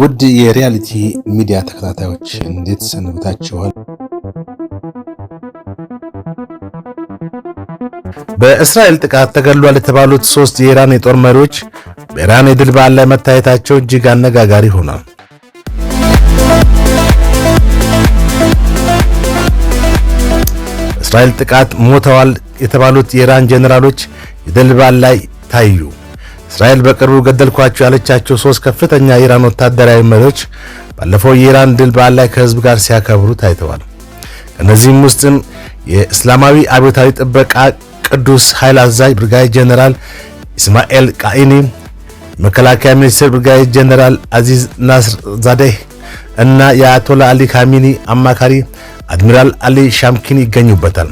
ውድ የሪያሊቲ ሚዲያ ተከታታዮች እንዴት ሰንብታችኋል? በእስራኤል ጥቃት ተገሏል የተባሉት ሶስት የኢራን የጦር መሪዎች በኢራን የድል በዓል ላይ መታየታቸው እጅግ አነጋጋሪ ሆኗል። እስራኤል ጥቃት ሞተዋል የተባሉት የኢራን ጄኔራሎች የድል በዓል ላይ ታዩ። እስራኤል በቅርቡ ገደልኳቸው ያለቻቸው ሶስት ከፍተኛ የኢራን ወታደራዊ መሪዎች ባለፈው የኢራን ድል በዓል ላይ ከህዝብ ጋር ሲያከብሩ ታይተዋል። ከነዚህም ውስጥም የእስላማዊ አብዮታዊ ጥበቃ ቅዱስ ኃይል አዛዥ ብርጋዴ ጀነራል ኢስማኤል ቃኢኒ፣ መከላከያ ሚኒስትር ብርጋዴ ጀነራል አዚዝ ናስር ዛዴህ እና የአያቶላ አሊ ካሚኒ አማካሪ አድሚራል አሊ ሻምኪን ይገኙበታል።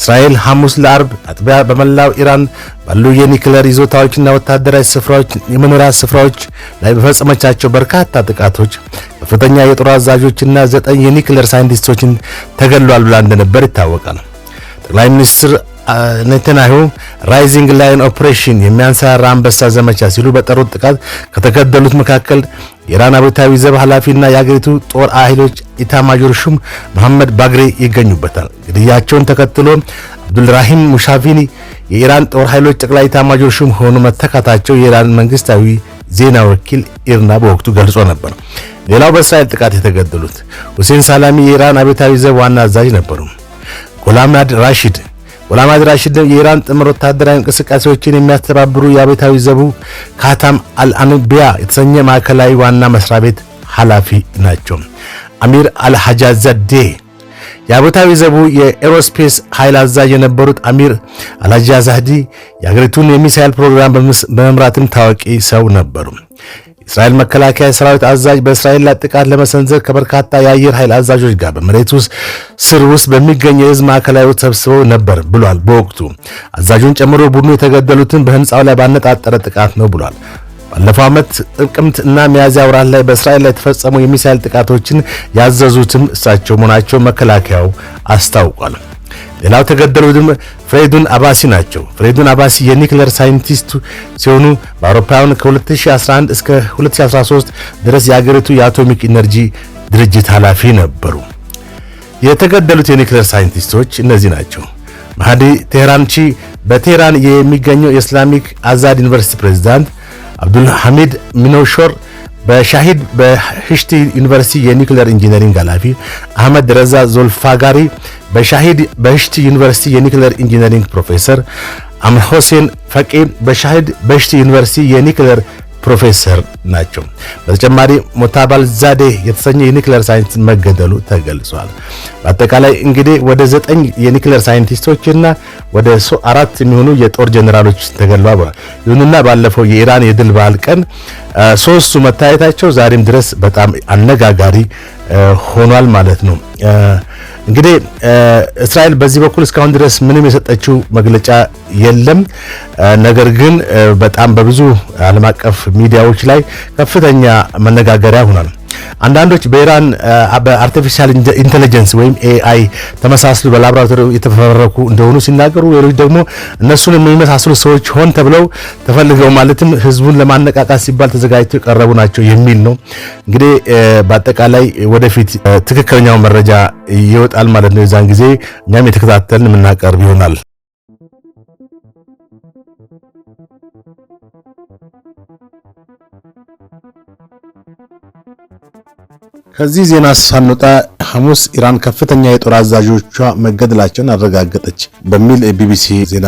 እስራኤል ሐሙስ ለአርብ አጥቢያ በመላው ኢራን ባሉ የኒክለር ይዞታዎችና ወታደራዊ ስፍራዎች የመኖሪያ ስፍራዎች ላይ በፈጸመቻቸው በርካታ ጥቃቶች ከፍተኛ የጦር አዛዦችና ዘጠኝ የኒክለር ሳይንቲስቶችን ተገሏል ብላ እንደነበር ይታወቃል። ጠቅላይ ሚኒስትር ኔታንያሁ ራይዚንግ ላይን ኦፕሬሽን የሚያንሰራራ አንበሳ ዘመቻ ሲሉ በጠሩት ጥቃት ከተገደሉት መካከል የኢራን አብዮታዊ ዘብ ኃላፊና የአገሪቱ ጦር ኃይሎች ኢታማዦር ሹም መሐመድ ባግሬ ይገኙበታል። ግድያቸውን ተከትሎ አብዱልራሂም ሙሻቪኒ የኢራን ጦር ኃይሎች ጠቅላይ ኢታማዦር ሹም ሆኑ መተካታቸው የኢራን መንግስታዊ ዜና ወኪል ኢርና በወቅቱ ገልጾ ነበር። ሌላው በእስራኤል ጥቃት የተገደሉት ሁሴን ሳላሚ የኢራን አብዮታዊ ዘብ ዋና አዛዥ ነበሩ። ጎላም ራሺድ ወላማ ድራሽድም የኢራን ጥምር ወታደራዊ እንቅስቃሴዎችን የሚያስተባብሩ የአቤታዊ ዘቡ ካታም አልአንቢያ የተሰኘ ማዕከላዊ ዋና መስሪያ ቤት ኃላፊ ናቸው። አሚር አልሐጃዘዴ የአብዮታዊ ዘቡ የኤሮስፔስ ኃይል አዛዥ የነበሩት አሚር አልሐጃዛዲ የአገሪቱን የሚሳይል ፕሮግራም በመምራትም ታዋቂ ሰው ነበሩ። የእስራኤል መከላከያ ሰራዊት አዛዥ በእስራኤል ላይ ጥቃት ለመሰንዘር ከበርካታ የአየር ኃይል አዛዦች ጋር በመሬት ውስጥ ስር ውስጥ በሚገኝ የህዝብ ማዕከላዊ ተሰብስበው ነበር ብሏል። በወቅቱ አዛዡን ጨምሮ ቡድኑ የተገደሉትን በህንፃው ላይ ባነጣጠረ ጥቃት ነው ብሏል። ባለፈው ዓመት ጥቅምት እና ሚያዚያ ወራት ላይ በእስራኤል ላይ የተፈጸሙ የሚሳይል ጥቃቶችን ያዘዙትም እሳቸው መሆናቸው መከላከያው አስታውቋል። ሌላው ተገደሉትም ፍሬዱን አባሲ ናቸው። ፍሬዱን አባሲ የኒክለር ሳይንቲስት ሲሆኑ በአውሮፓውያን ከ2011 እስከ 2013 ድረስ የአገሪቱ የአቶሚክ ኢነርጂ ድርጅት ኃላፊ ነበሩ። የተገደሉት የኒክለር ሳይንቲስቶች እነዚህ ናቸው። ማህዲ ቴህራንቺ በቴህራን የሚገኘው የእስላሚክ አዛድ ዩኒቨርሲቲ ፕሬዝዳንት፣ አብዱልሐሚድ ሚኖሾር በሻሂድ በሂሽቲ ዩኒቨርሲቲ የኒክለር ኢንጂነሪንግ ኃላፊ፣ አህመድ ረዛ ዞልፋጋሪ በሻሂድ በሽት ዩኒቨርሲቲ የኒክለር ኢንጂነሪንግ ፕሮፌሰር አምር ሁሴን ፈቂ በሻሂድ በሽት ዩኒቨርሲቲ የኒክለር ፕሮፌሰር ናቸው። በተጨማሪ ሞታባል ዛዴ የተሰኘ የኒክለር ሳይንስ መገደሉ ተገልጿል። በአጠቃላይ እንግዲህ ወደ ዘጠኝ የኒክለር ሳይንቲስቶችና ወደ አራት የሚሆኑ የጦር ጀኔራሎች ተገልሏል። ይሁንና ባለፈው የኢራን የድል በዓል ቀን ሶስቱ መታየታቸው ዛሬም ድረስ በጣም አነጋጋሪ ሆኗል ማለት ነው። እንግዲህ እስራኤል በዚህ በኩል እስካሁን ድረስ ምንም የሰጠችው መግለጫ የለም። ነገር ግን በጣም በብዙ ዓለም አቀፍ ሚዲያዎች ላይ ከፍተኛ መነጋገሪያ ሆኗል። አንዳንዶች በኢራን በአርቲፊሻል ኢንቴሊጀንስ ወይም ኤአይ ተመሳስሉ በላብራቶሪ የተፈረኩ እንደሆኑ ሲናገሩ፣ ሌሎች ደግሞ እነሱን የሚመሳስሉ ሰዎች ሆን ተብለው ተፈልገው ማለትም ህዝቡን ለማነቃቃት ሲባል ተዘጋጅተው የቀረቡ ናቸው የሚል ነው። እንግዲህ በአጠቃላይ ወደፊት ትክክለኛው መረጃ ይወጣል ማለት ነው። የዛን ጊዜ እኛም የተከታተልን የምናቀርብ ይሆናል። ከዚህ ዜና ሳንወጣ ሐሙስ ኢራን ከፍተኛ የጦር አዛዦቿ መገደላቸውን አረጋገጠች በሚል ቢቢሲ ዜና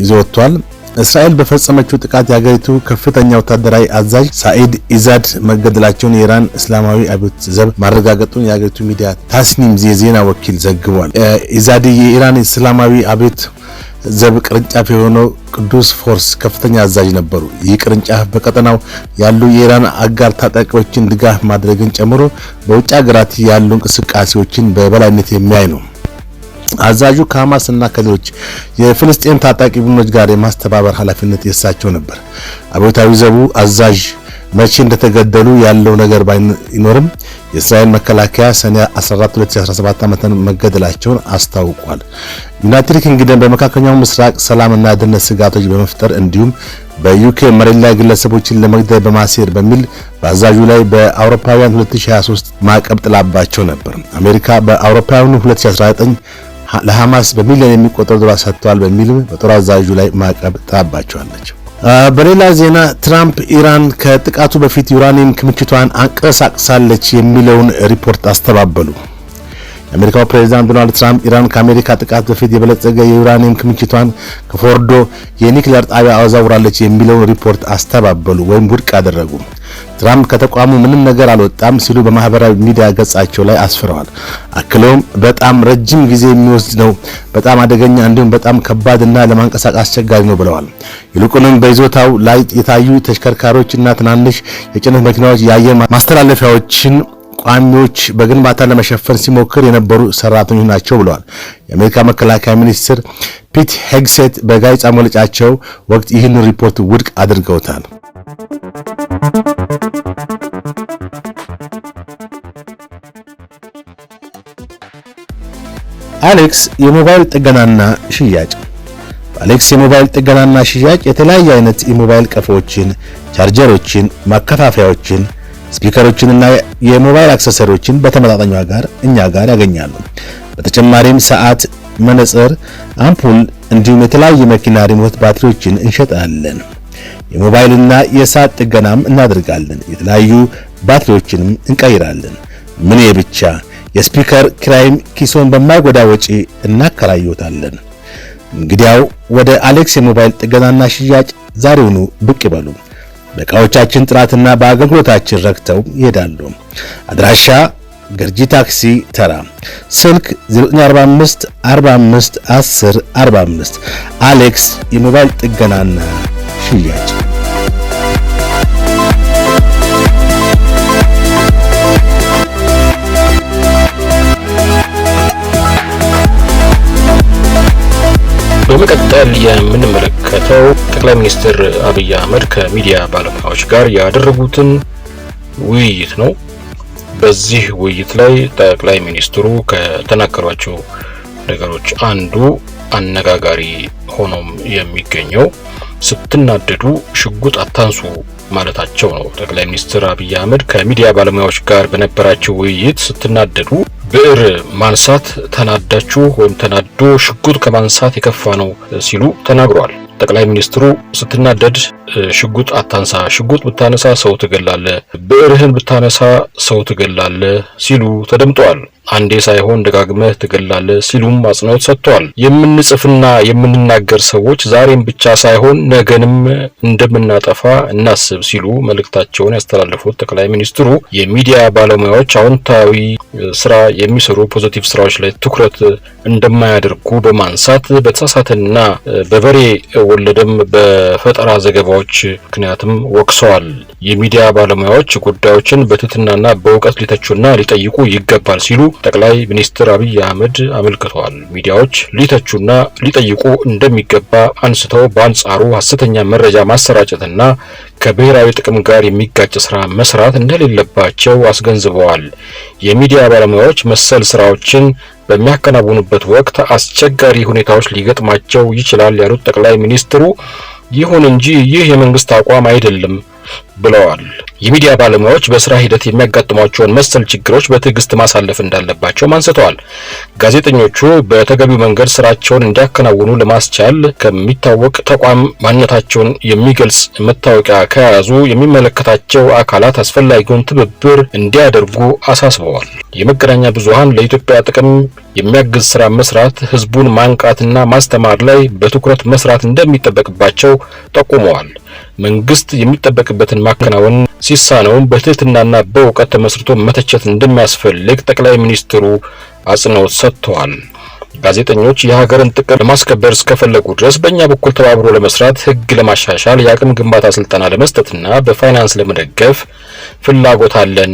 ይዞ ወጥቷል። እስራኤል በፈጸመችው ጥቃት የሀገሪቱ ከፍተኛ ወታደራዊ አዛዥ ሳኢድ ኢዛድ መገደላቸውን የኢራን እስላማዊ አብዮት ዘብ ማረጋገጡን የሀገሪቱ ሚዲያ ታስኒም የዜና ወኪል ዘግቧል። ኢዛድ የኢራን እስላማዊ አብዮት ዘብ ቅርንጫፍ የሆነው ቅዱስ ፎርስ ከፍተኛ አዛዥ ነበሩ። ይህ ቅርንጫፍ በቀጠናው ያሉ የኢራን አጋር ታጣቂዎችን ድጋፍ ማድረግን ጨምሮ በውጭ ሀገራት ያሉ እንቅስቃሴዎችን በበላይነት የሚያይ ነው። አዛዡ ከሐማስ እና ከሌሎች የፍልስጤም ታጣቂ ቡድኖች ጋር የማስተባበር ኃላፊነት የሳቸው ነበር። አብዮታዊ ዘቡ አዛዥ መቼ እንደተገደሉ ያለው ነገር ባይኖርም የእስራኤል መከላከያ ሰኔ 14 2017 ዓ.ም መገደላቸውን አስታውቋል። ዩናይትድ ኪንግደም በመካከለኛው ምስራቅ ሰላምና ደህንነት ስጋቶች በመፍጠር እንዲሁም በዩኬ መሬት ላይ ግለሰቦችን ለመግደል በማሴር በሚል በአዛዡ ላይ በአውሮፓውያን 2023 ማዕቀብ ጥላባቸው ነበር። አሜሪካ በአውሮፓውያኑ 2019 ለሐማስ በሚሊዮን የሚቆጠሩ ዶላር ሰጥቷል በሚል በጦር አዛዡ ላይ ማዕቀብ ጥላባቸዋለች። በሌላ ዜና ትራምፕ ኢራን ከጥቃቱ በፊት ዩራኒየም ክምችቷን አንቀሳቅሳለች የሚለውን ሪፖርት አስተባበሉ። የአሜሪካው ፕሬዚዳንት ዶናልድ ትራምፕ ኢራን ከአሜሪካ ጥቃት በፊት የበለጸገ የዩራኒየም ክምችቷን ከፎርዶ የኒክሌር ጣቢያ አዛውራለች የሚለውን ሪፖርት አስተባበሉ ወይም ውድቅ አደረጉ። ትራምፕ ከተቋሙ ምንም ነገር አልወጣም ሲሉ በማህበራዊ ሚዲያ ገጻቸው ላይ አስፍረዋል። አክለውም በጣም ረጅም ጊዜ የሚወስድ ነው፣ በጣም አደገኛ እንዲሁም በጣም ከባድ እና ለማንቀሳቀስ አስቸጋሪ ነው ብለዋል። ይልቁንም በይዞታው ላይ የታዩ ተሽከርካሪዎች እና ትናንሽ የጭነት መኪናዎች የአየር ማስተላለፊያዎችን ቋሚዎች በግንባታ ለመሸፈን ሲሞክር የነበሩ ሰራተኞች ናቸው ብለዋል። የአሜሪካ መከላከያ ሚኒስትር ፒት ሄግሴት በጋዜጣ መግለጫቸው ወቅት ይህንን ሪፖርት ውድቅ አድርገውታል። አሌክስ የሞባይል ጥገናና ሽያጭ አሌክስ የሞባይል ጥገናና ሽያጭ የተለያየ አይነት የሞባይል ቀፎዎችን፣ ቻርጀሮችን፣ ማከፋፈያዎችን፣ ስፒከሮችንና የሞባይል አክሰሰሪዎችን በተመጣጣኝ ጋር እኛ ጋር ያገኛሉ። በተጨማሪም ሰዓት፣ መነጽር፣ አምፑል እንዲሁም የተለያዩ መኪና ሪሞት ባትሪዎችን እንሸጣለን። የሞባይልና የሰዓት ጥገናም እናደርጋለን። የተለያዩ ባትሪዎችንም እንቀይራለን። ምን ብቻ የስፒከር ክራይም ኪሶን በማይጎዳ ወጪ እናከራዩታለን። እንግዲያው ወደ አሌክስ የሞባይል ጥገናና ሽያጭ ዛሬውኑ ብቅ ይበሉ። በእቃዎቻችን ጥራትና በአገልግሎታችን ረክተው ይሄዳሉ። አድራሻ ገርጂ ታክሲ ተራ፣ ስልክ 0945 45 10 45 አሌክስ የሞባይል ጥገናና ሽያጭ በመቀጠል የምንመለከተው ጠቅላይ ሚኒስትር አብይ አህመድ ከሚዲያ ባለሙያዎች ጋር ያደረጉትን ውይይት ነው። በዚህ ውይይት ላይ ጠቅላይ ሚኒስትሩ ከተናገሯቸው ነገሮች አንዱ አነጋጋሪ ሆኖም የሚገኘው ስትናደዱ ሽጉጥ አታንሱ ማለታቸው ነው። ጠቅላይ ሚኒስትር አብይ አህመድ ከሚዲያ ባለሙያዎች ጋር በነበራቸው ውይይት ስትናደዱ ብዕር ማንሳት ተናዳችሁ ወይም ተናዶ ሽጉጥ ከማንሳት የከፋ ነው ሲሉ ተናግሯል። ጠቅላይ ሚኒስትሩ ስትናደድ ሽጉጥ አታንሳ፣ ሽጉጥ ብታነሳ ሰው ትገላለ ብዕርህን ብታነሳ ሰው ትገላለ ሲሉ ተደምጠዋል። አንዴ ሳይሆን ደጋግመህ ትገላለህ ሲሉም አጽንኦት ሰጥተዋል። የምንጽፍና የምንናገር ሰዎች ዛሬም ብቻ ሳይሆን ነገንም እንደምናጠፋ እናስብ ሲሉ መልእክታቸውን ያስተላለፉት ጠቅላይ ሚኒስትሩ የሚዲያ ባለሙያዎች አዎንታዊ ስራ የሚሰሩ ፖዘቲቭ ስራዎች ላይ ትኩረት እንደማያደርጉ በማንሳት በተሳሳተና በበሬ ወለደም በፈጠራ ዘገባዎች ምክንያትም ወቅሰዋል። የሚዲያ ባለሙያዎች ጉዳዮችን በትህትናና በእውቀት ሊተቹና ሊጠይቁ ይገባል ሲሉ ጠቅላይ ሚኒስትር አብይ አህመድ አመልክተዋል። ሚዲያዎች ሊተቹና ሊጠይቁ እንደሚገባ አንስተው በአንጻሩ ሀሰተኛ መረጃ ማሰራጨትና ከብሔራዊ ጥቅም ጋር የሚጋጭ ስራ መስራት እንደሌለባቸው አስገንዝበዋል። የሚዲያ ባለሙያዎች መሰል ስራዎችን በሚያከናውኑበት ወቅት አስቸጋሪ ሁኔታዎች ሊገጥማቸው ይችላል ያሉት ጠቅላይ ሚኒስትሩ፣ ይሁን እንጂ ይህ የመንግስት አቋም አይደለም ብለዋል። የሚዲያ ባለሙያዎች በስራ ሂደት የሚያጋጥሟቸውን መሰል ችግሮች በትዕግስት ማሳለፍ እንዳለባቸውም አንስተዋል። ጋዜጠኞቹ በተገቢው መንገድ ስራቸውን እንዲያከናውኑ ለማስቻል ከሚታወቅ ተቋም ማንነታቸውን የሚገልጽ መታወቂያ ከያዙ የሚመለከታቸው አካላት አስፈላጊውን ትብብር እንዲያደርጉ አሳስበዋል። የመገናኛ ብዙሃን ለኢትዮጵያ ጥቅም የሚያግዝ ስራ መስራት፣ ህዝቡን ማንቃትና ማስተማር ላይ በትኩረት መስራት እንደሚጠበቅባቸው ጠቁመዋል። መንግስት የሚጠበቅበትን ማከናወን ሲሳነውም በትህትናና በእውቀት ተመስርቶ መተቸት እንደሚያስፈልግ ጠቅላይ ሚኒስትሩ አጽንኦት ሰጥተዋል። ጋዜጠኞች የሀገርን ጥቅም ለማስከበር እስከፈለጉ ድረስ በእኛ በኩል ተባብሮ ለመስራት፣ ህግ ለማሻሻል፣ የአቅም ግንባታ ስልጠና ለመስጠትና በፋይናንስ ለመደገፍ ፍላጎት አለን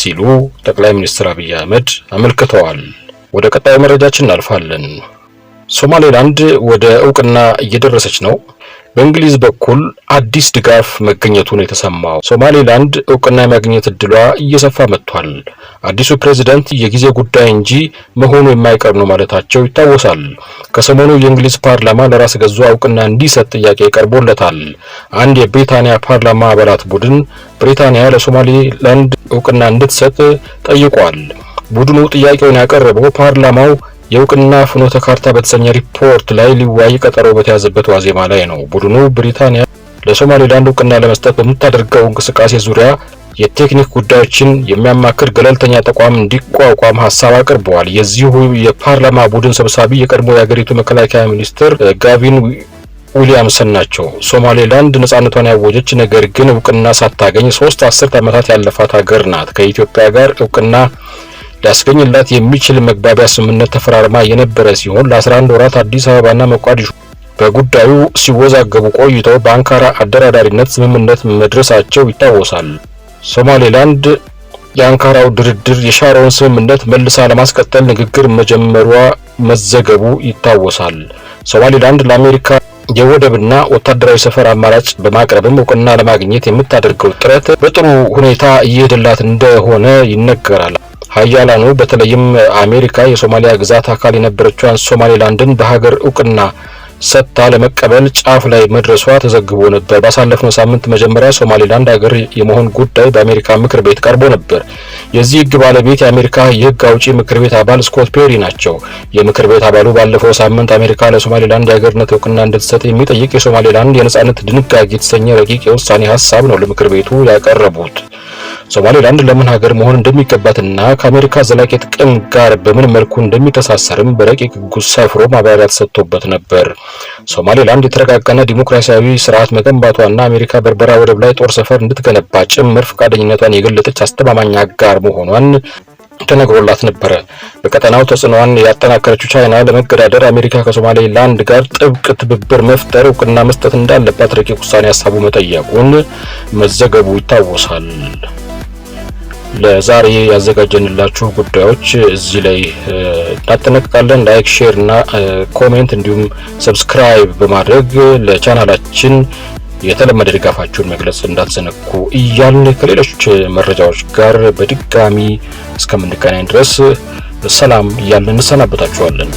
ሲሉ ጠቅላይ ሚኒስትር አብይ አህመድ አመልክተዋል። ወደ ቀጣዩ መረጃችን እናልፋለን። ሶማሌላንድ ወደ እውቅና እየደረሰች ነው። በእንግሊዝ በኩል አዲስ ድጋፍ መገኘቱን የተሰማው ሶማሌላንድ እውቅና የማግኘት እድሏ እየሰፋ መጥቷል። አዲሱ ፕሬዚደንት የጊዜ ጉዳይ እንጂ መሆኑ የማይቀር ነው ማለታቸው ይታወሳል። ከሰሞኑ የእንግሊዝ ፓርላማ ለራስ ገዟ እውቅና እንዲሰጥ ጥያቄ ቀርቦለታል። አንድ የብሪታንያ ፓርላማ አባላት ቡድን ብሪታንያ ለሶማሌላንድ እውቅና እንድትሰጥ ጠይቋል። ቡድኑ ጥያቄውን ያቀረበው ፓርላማው የእውቅና ፍኖተ ካርታ በተሰኘ ሪፖርት ላይ ሊዋይ ቀጠሮ በተያዘበት ዋዜማ ላይ ነው ቡድኑ ብሪታንያ ለሶማሌላንድ እውቅና ለመስጠት በምታደርገው እንቅስቃሴ ዙሪያ የቴክኒክ ጉዳዮችን የሚያማክር ገለልተኛ ተቋም እንዲቋቋም ሀሳብ አቅርበዋል። የዚሁ የፓርላማ ቡድን ሰብሳቢ የቀድሞ የሀገሪቱ መከላከያ ሚኒስትር ጋቪን ዊሊያምሰን ናቸው። ሶማሌላንድ ነጻነቷን ያወጀች ነገር ግን እውቅና ሳታገኝ ሶስት አስርት ዓመታት ያለፋት ሀገር ናት። ከኢትዮጵያ ጋር እውቅና ሊያስገኝላት የሚችል መግባቢያ ስምምነት ተፈራርማ የነበረ ሲሆን ለ11 ወራት አዲስ አበባና ሞቃዲሾ በጉዳዩ ሲወዛገቡ ቆይተው በአንካራ አደራዳሪነት ስምምነት መድረሳቸው ይታወሳል። ሶማሌላንድ የአንካራው ድርድር የሻረውን ስምምነት መልሳ ለማስቀጠል ንግግር መጀመሯ መዘገቡ ይታወሳል። ሶማሌላንድ ለአሜሪካ የወደብና ወታደራዊ ሰፈር አማራጭ በማቅረብም እውቅና ለማግኘት የምታደርገው ጥረት በጥሩ ሁኔታ እየሄደላት እንደሆነ ይነገራል። ሀያላኑ በተለይም አሜሪካ የሶማሊያ ግዛት አካል የነበረችዋን ሶማሌላንድን በሀገር እውቅና ሰጥታ ለመቀበል ጫፍ ላይ መድረሷ ተዘግቦ ነበር። ባሳለፍነው ሳምንት መጀመሪያ ሶማሌላንድ ሀገር የመሆን ጉዳይ በአሜሪካ ምክር ቤት ቀርቦ ነበር። የዚህ ህግ ባለቤት የአሜሪካ የህግ አውጪ ምክር ቤት አባል ስኮት ፔሪ ናቸው። የምክር ቤት አባሉ ባለፈው ሳምንት አሜሪካ ለሶማሌላንድ የሀገርነት እውቅና እንድትሰጥ የሚጠይቅ የሶማሌላንድ የነጻነት ድንጋጌ የተሰኘ ረቂቅ የውሳኔ ሀሳብ ነው ለምክር ቤቱ ያቀረቡት። ሶማሌላንድ ለምን ሀገር መሆን እንደሚገባትና ከአሜሪካ ዘላቂ ጥቅም ጋር በምን መልኩ እንደሚተሳሰርም በረቂቅ ሕጉ ሰፍሮ ማብራሪያ ተሰጥቶበት ነበር። ሶማሌላንድ የተረጋጋና ዲሞክራሲያዊ ስርዓት መገንባቷና አሜሪካ በርበራ ወደብ ላይ ጦር ሰፈር እንድትገነባ ጭምር ፈቃደኝነቷን የገለጠች አስተማማኝ አጋር መሆኗን ተነግሮላት ነበረ። በቀጠናው ተጽዕኖዋን ያጠናከረችው ቻይና ለመገዳደር አሜሪካ ከሶማሌላንድ ጋር ጥብቅ ትብብር መፍጠር እውቅና መስጠት እንዳለባት ረቂቅ ውሳኔ ሀሳቡ መጠየቁን መዘገቡ ይታወሳል። ለዛሬ ያዘጋጀንላችሁ ጉዳዮች እዚህ ላይ እናጠናቅቃለን። ላይክ፣ ሼር እና ኮሜንት እንዲሁም ሰብስክራይብ በማድረግ ለቻናላችን የተለመደ ድጋፋችሁን መግለጽ እንዳትዘነጉ እያልን ከሌሎች መረጃዎች ጋር በድጋሚ እስከምንገናኝ ድረስ ሰላም እያልን እንሰናበታችኋለን።